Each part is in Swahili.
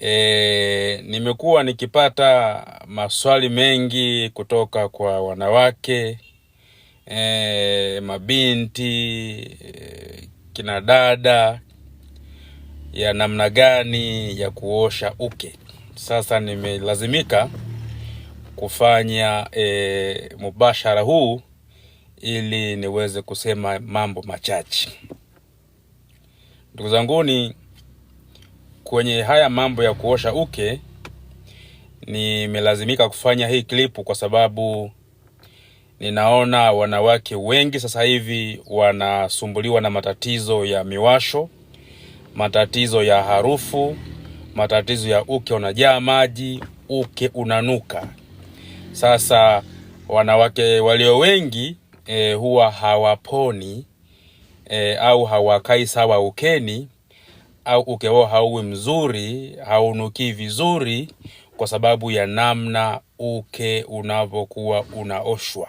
E, nimekuwa nikipata maswali mengi kutoka kwa wanawake e, mabinti e, kina dada ya namna gani ya kuosha uke. Sasa nimelazimika kufanya e, mubashara huu ili niweze kusema mambo machache. Ndugu zanguni Kwenye haya mambo ya kuosha uke, nimelazimika kufanya hii klipu kwa sababu ninaona wanawake wengi sasa hivi wanasumbuliwa na matatizo ya miwasho, matatizo ya harufu, matatizo ya uke unajaa maji, uke unanuka. Sasa wanawake walio wengi e, huwa hawaponi e, au hawakai sawa ukeni au uke wao hauwi mzuri, haunuki vizuri kwa sababu ya namna uke unavyokuwa unaoshwa.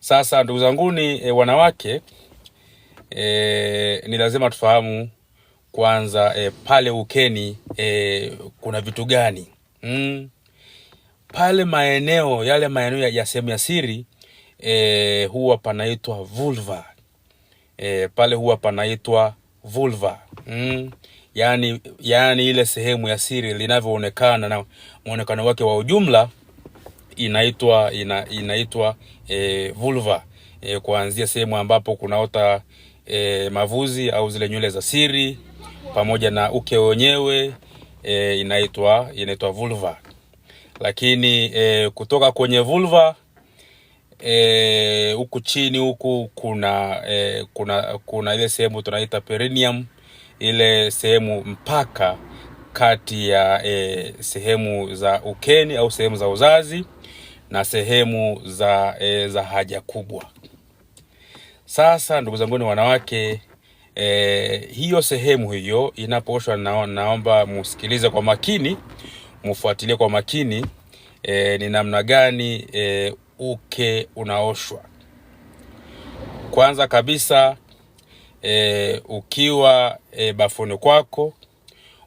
Sasa ndugu zanguni e, wanawake e, ni lazima tufahamu kwanza e, pale ukeni e, kuna vitu gani mm. Pale maeneo yale maeneo ya sehemu ya siri e, huwa panaitwa vulva e, pale huwa panaitwa vulva mm. yani, yani ile sehemu ya siri linavyoonekana na mwonekano wake wa ujumla inaitwa ina, inaitwa e, vulva e, kuanzia sehemu ambapo kunaota e, mavuzi au zile nywele za siri pamoja na uke wenyewe e, inaitwa inaitwa vulva, lakini e, kutoka kwenye vulva E, huku e, chini huku kuna e, kuna kuna ile sehemu tunaita perineum, ile sehemu mpaka kati ya e, sehemu za ukeni au sehemu za uzazi na sehemu za, e, za haja kubwa. Sasa ndugu zanguni wanawake, e, hiyo sehemu hiyo inapooshwa na, naomba musikilize kwa makini, mufuatilie kwa makini e, ni namna gani e, uke unaoshwa. Kwanza kabisa e, ukiwa e, bafuni kwako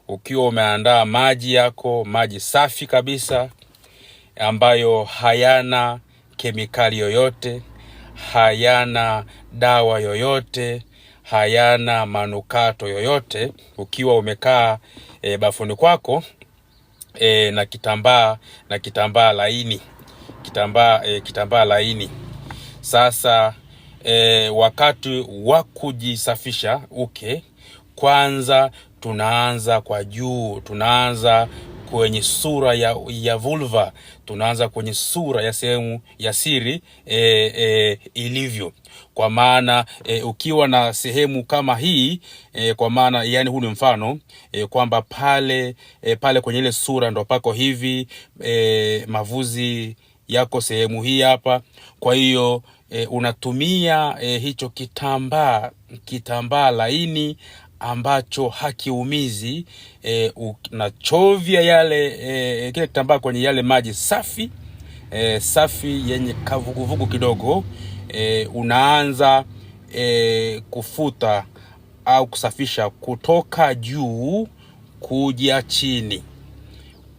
ukiwa umeandaa maji yako, maji safi kabisa ambayo hayana kemikali yoyote, hayana dawa yoyote, hayana manukato yoyote, ukiwa umekaa e, bafuni kwako e, na kitambaa na kitambaa laini kitambaa e, kitambaa laini. Sasa e, wakati wa kujisafisha uke okay. Kwanza tunaanza kwa juu, tunaanza kwenye sura ya, ya vulva, tunaanza kwenye sura ya sehemu ya siri e, e, ilivyo kwa maana e, ukiwa na sehemu kama hii e, kwa maana yani, huu ni mfano e, kwamba pale e, pale kwenye ile sura ndo pako hivi e, mavuzi yako sehemu hii hapa. Kwa hiyo e, unatumia e, hicho kitambaa kitambaa laini ambacho hakiumizi e, unachovya yale e, kile kitambaa kwenye yale maji safi e, safi yenye kavuguvugu kidogo e, unaanza e, kufuta au kusafisha kutoka juu kuja chini,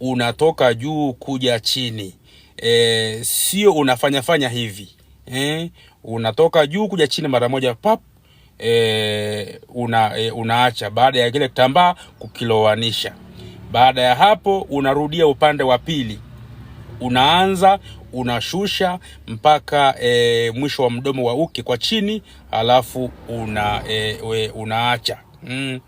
unatoka juu kuja chini e, sio unafanya fanya hivi e, unatoka juu kuja chini mara moja pap e, una, e, unaacha baada ya kile kitambaa kukilowanisha. Baada ya hapo unarudia upande wa pili, unaanza unashusha mpaka e, mwisho wa mdomo wa uke kwa chini, alafu una, e, we, unaacha mm.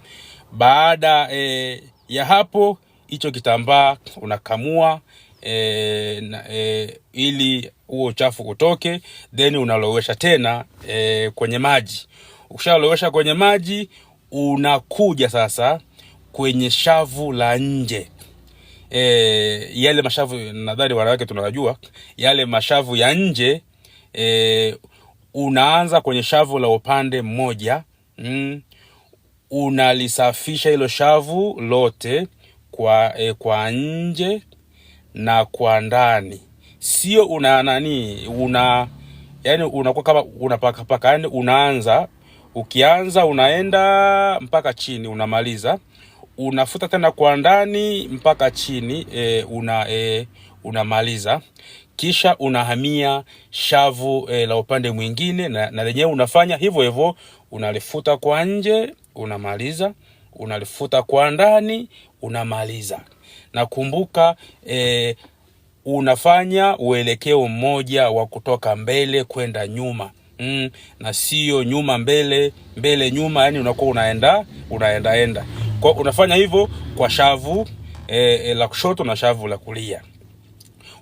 Baada e, ya hapo hicho kitambaa unakamua e, na, e, ili huo uchafu kutoke, then unalowesha tena e, kwenye maji. Ukishalowesha kwenye maji, unakuja sasa kwenye shavu la nje e, yale mashavu nadhani wanawake tunajua yale mashavu ya nje e, unaanza kwenye shavu la upande mmoja mm, unalisafisha hilo shavu lote kwa, e, kwa nje na kwa ndani, sio una nani una yani unakuwa kama unapakapaka, yani unaanza ukianza unaenda mpaka chini unamaliza unafuta tena kwa ndani mpaka chini e, una e, unamaliza kisha unahamia shavu e, la upande mwingine na, na lenyewe unafanya hivyo hivyo, unalifuta kwa nje unamaliza, unalifuta kwa ndani unamaliza na kumbuka e, eh, unafanya uelekeo mmoja wa kutoka mbele kwenda nyuma mm, na sio nyuma mbele mbele nyuma, yani unakuwa unaenda unaendaenda kwa unafanya hivyo kwa shavu e, e, la kushoto na shavu la kulia.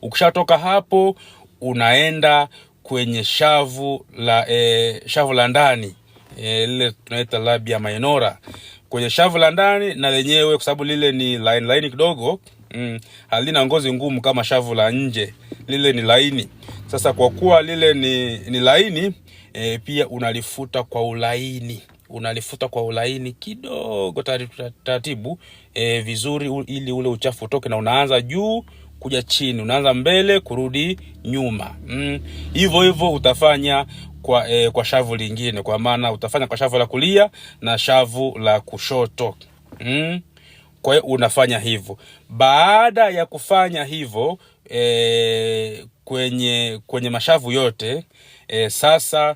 Ukishatoka hapo unaenda kwenye shavu la e, shavu la ndani lile e, tunaita labia minora kwenye shavu la ndani na lenyewe kwa sababu lile ni laini line kidogo mm, halina ngozi ngumu kama shavu la nje, lile ni laini. Sasa kwa kuwa lile ni, ni laini e, pia unalifuta kwa ulaini unalifuta kwa ulaini kidogo taratibu e, vizuri ili ule uchafu utoke, na unaanza juu kuja chini, unaanza mbele kurudi nyuma hivyo mm. Hivyo utafanya kwa, eh, kwa shavu lingine, kwa maana utafanya kwa shavu la kulia na shavu la kushoto mm. Kwa hiyo unafanya hivyo. Baada ya kufanya hivyo eh, kwenye, kwenye mashavu yote eh, sasa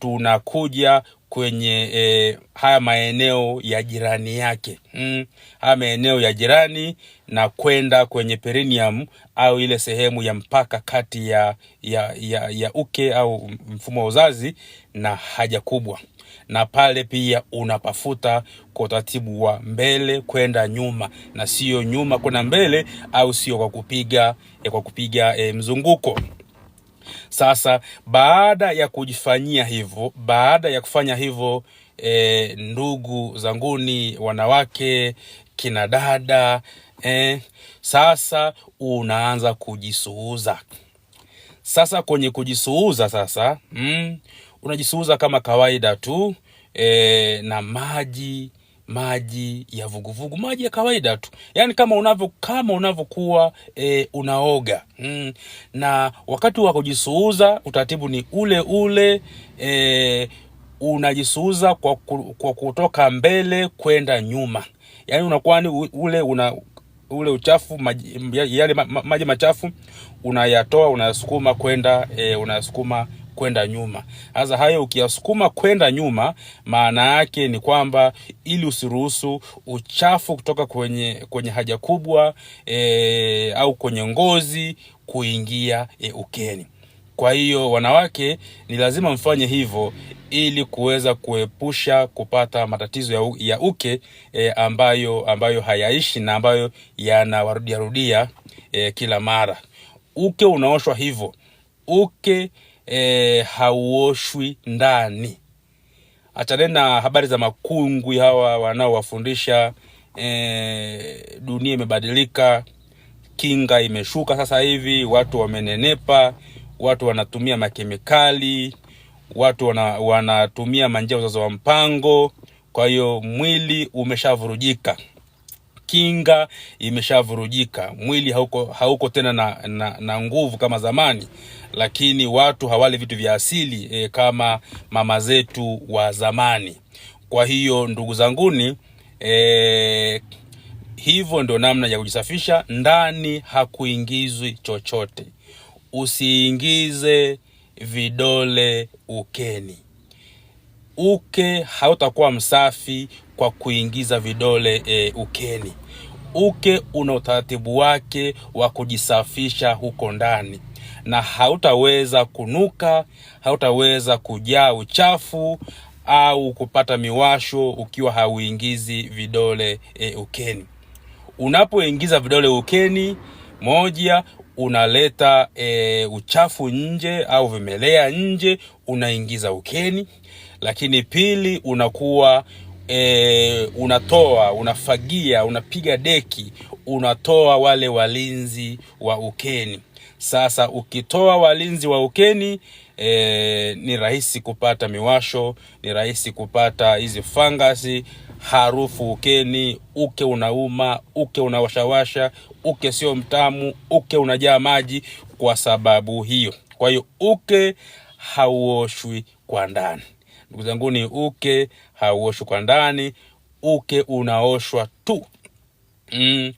tunakuja kwenye e, haya maeneo ya jirani yake mm, haya maeneo ya jirani na kwenda kwenye perineum au ile sehemu ya mpaka kati ya, ya, ya, ya uke au mfumo wa uzazi na haja kubwa, na pale pia unapafuta kwa utaratibu wa mbele kwenda nyuma na sio nyuma kwenda mbele, au sio kwa kupiga, eh, kwa kupiga e, mzunguko. Sasa baada ya kujifanyia hivyo, baada ya kufanya hivyo e, ndugu zanguni, wanawake, kina dada e, sasa unaanza kujisuuza. Sasa kwenye kujisuuza sasa, mm, unajisuuza kama kawaida tu e, na maji maji ya vuguvugu, maji ya kawaida tu, yaani kama unavyo kama unavyokuwa e, unaoga mm. Na wakati wa kujisuuza utaratibu ni ule ule e, unajisuuza kwa, kwa kutoka mbele kwenda nyuma, yaani unakuwa ni ule una ule uchafu maji, yale maji machafu unayatoa unayasukuma kwenda e, unayasukuma kwenda nyuma. Sasa hayo ukiyasukuma kwenda nyuma, maana yake ni kwamba ili usiruhusu uchafu kutoka kwenye, kwenye haja kubwa e, au kwenye ngozi kuingia e, ukeni. Kwa hiyo wanawake, ni lazima mfanye hivyo ili kuweza kuepusha kupata matatizo ya, ya uke e, ambayo, ambayo hayaishi na ambayo yanawarudiarudia e, kila mara. Uke unaoshwa hivyo uke e, hauoshwi ndani. Achaneni na habari za makungwi hawa wanaowafundisha e, dunia imebadilika, kinga imeshuka, sasa hivi watu wamenenepa, watu wanatumia makemikali, watu wana, wanatumia manjia uzazi wa mpango. Kwa hiyo mwili umeshavurujika, kinga imeshavurujika, mwili hauko, hauko tena na, na, na nguvu kama zamani lakini watu hawali vitu vya asili e, kama mama zetu wa zamani. Kwa hiyo ndugu zanguni, e, hivyo ndio namna ya kujisafisha. Ndani hakuingizwi chochote, usiingize vidole ukeni. Uke hautakuwa msafi kwa kuingiza vidole e, ukeni. Uke una utaratibu wake wa kujisafisha huko ndani na hautaweza kunuka, hautaweza kujaa uchafu au kupata miwasho ukiwa hauingizi vidole e, ukeni. Unapoingiza vidole ukeni, moja unaleta e, uchafu nje au vimelea nje, unaingiza ukeni. Lakini pili, unakuwa e, unatoa unafagia, unapiga deki, unatoa wale walinzi wa ukeni. Sasa ukitoa walinzi wa ukeni e, ni rahisi kupata miwasho, ni rahisi kupata hizi fangasi, harufu ukeni, uke unauma, uke unawashawasha, uke sio mtamu, uke unajaa maji kwa sababu hiyo. Kwa hiyo uke hauoshwi kwa ndani, ndugu zangu, ni uke hauoshwi kwa ndani, uke unaoshwa tu mm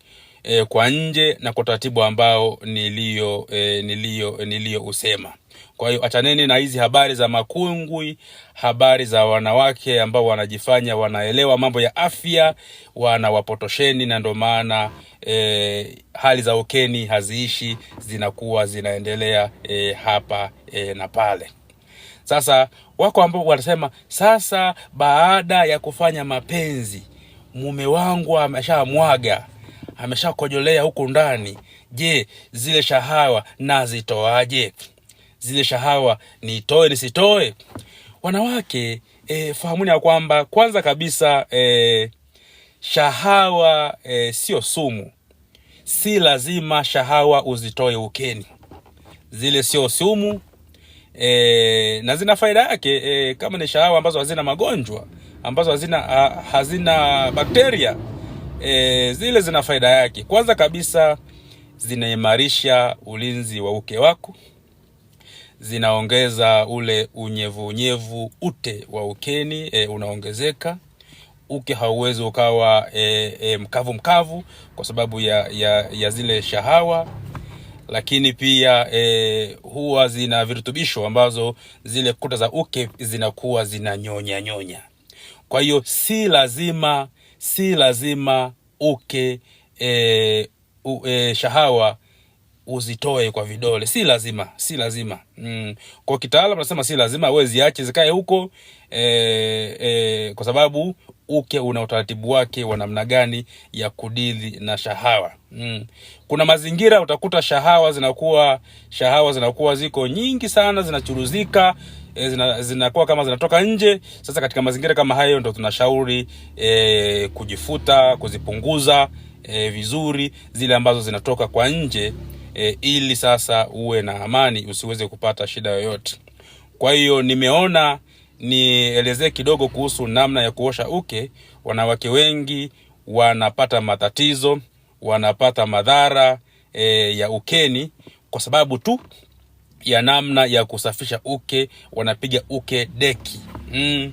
e, kwa nje na kwa utaratibu ambao nilio e, nilio niliyousema. Kwa hiyo achaneni na hizi habari za makungwi, habari za wanawake ambao wanajifanya wanaelewa mambo ya afya, wanawapotosheni na ndio maana e, hali za ukeni haziishi, zinakuwa zinaendelea e, hapa e, na pale. Sasa wako ambao wanasema sasa, baada ya kufanya mapenzi mume wangu ameshamwaga ameshakojolea huko ndani. Je, zile shahawa nazitoaje? Zile shahawa nitoe nisitoe? Wanawake e, fahamuni ya kwamba kwanza kabisa e, shahawa e, sio sumu. Si lazima shahawa uzitoe ukeni, zile sio sumu e, na zina faida yake e, kama ni shahawa ambazo hazina magonjwa ambazo hazina, ha, hazina bakteria e, zile zina faida yake. Kwanza kabisa zinaimarisha ulinzi wa uke wako, zinaongeza ule unyevunyevu ute wa ukeni e, unaongezeka uke hauwezi ukawa e, e, mkavu mkavu kwa sababu ya, ya, ya zile shahawa, lakini pia e, huwa zina virutubisho ambazo zile kuta za uke zinakuwa zinanyonya nyonya. Kwa hiyo si lazima si lazima uke e, u, e, shahawa uzitoe kwa vidole, si lazima, si lazima mm. Kwa kitaalamu nasema si lazima, wewe ziache zikae huko e, e, kwa sababu uke una utaratibu wake wa namna gani ya kudili na shahawa mm. Kuna mazingira utakuta shahawa zinakuwa shahawa zinakuwa ziko nyingi sana zinachuruzika e, zinakuwa zina kama zinatoka nje. Sasa katika mazingira kama hayo ndo tunashauri e, kujifuta, kuzipunguza e, vizuri zile ambazo zinatoka kwa nje e, ili sasa uwe na amani, usiweze kupata shida yoyote. Kwa hiyo nimeona nielezee kidogo kuhusu namna ya kuosha uke. Wanawake wengi wanapata matatizo, wanapata madhara e, ya ukeni kwa sababu tu ya namna ya kusafisha uke, wanapiga uke deki mm.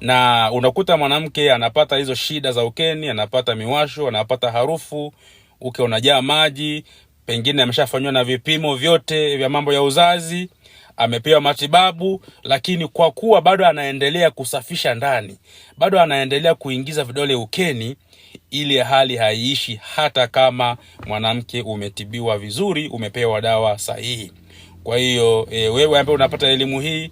Na unakuta mwanamke anapata hizo shida za ukeni, anapata miwasho, anapata harufu, uke unajaa maji, pengine ameshafanywa na vipimo vyote vya mambo ya uzazi, amepewa matibabu, lakini kwa kuwa bado anaendelea kusafisha ndani, bado anaendelea kuingiza vidole ukeni, ile hali haiishi, hata kama mwanamke umetibiwa vizuri, umepewa dawa sahihi. Kwa hiyo e, wewe ambaye unapata elimu hii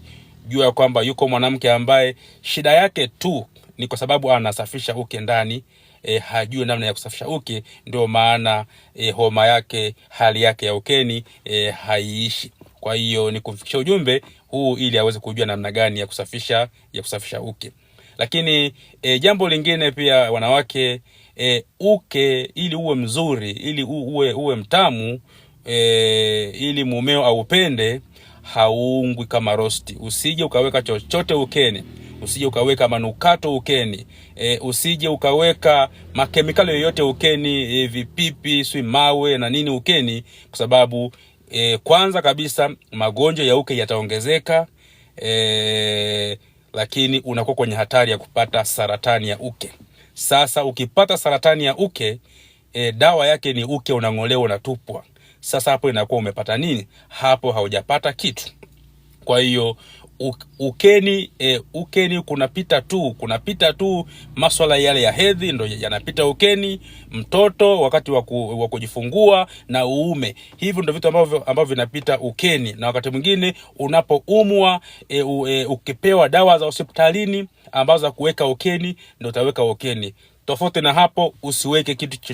jua ya kwamba yuko mwanamke ambaye shida yake tu ni kwa sababu anasafisha uke ndani e, hajui namna ya kusafisha uke, ndio maana e, homa yake, hali yake ya ukeni e, haiishi. Kwa hiyo ni kumfikisha ujumbe huu ili aweze kujua namna gani ya kusafisha ya kusafisha uke. Lakini e, jambo lingine pia wanawake e, uke ili uwe mzuri ili uwe, uwe mtamu e, ili mumeo aupende hauungwi kama rosti. Usije ukaweka chochote ukeni, usije ukaweka manukato ukeni, e, usije ukaweka makemikali yoyote ukeni, e, vipipi swi mawe na nini ukeni, kwa sababu e, kwanza kabisa magonjwa ya uke yataongezeka e, lakini unakuwa kwenye hatari ya kupata saratani ya uke. Sasa ukipata saratani ya uke e, dawa yake ni uke unang'olewa, unatupwa. Sasa hapo inakuwa umepata nini? Hapo haujapata kitu. Kwa hiyo ukeni e, ukeni kunapita tu kunapita tu, maswala yale ya hedhi ndo yanapita ukeni, mtoto wakati wa kujifungua na uume, hivyo ndo vitu ambavyo ambavyo vinapita ukeni. Na wakati mwingine unapoumwa e, e, ukipewa dawa za hospitalini ambazo za kuweka ukeni, ndo utaweka ukeni. Tofauti na hapo usiweke kitu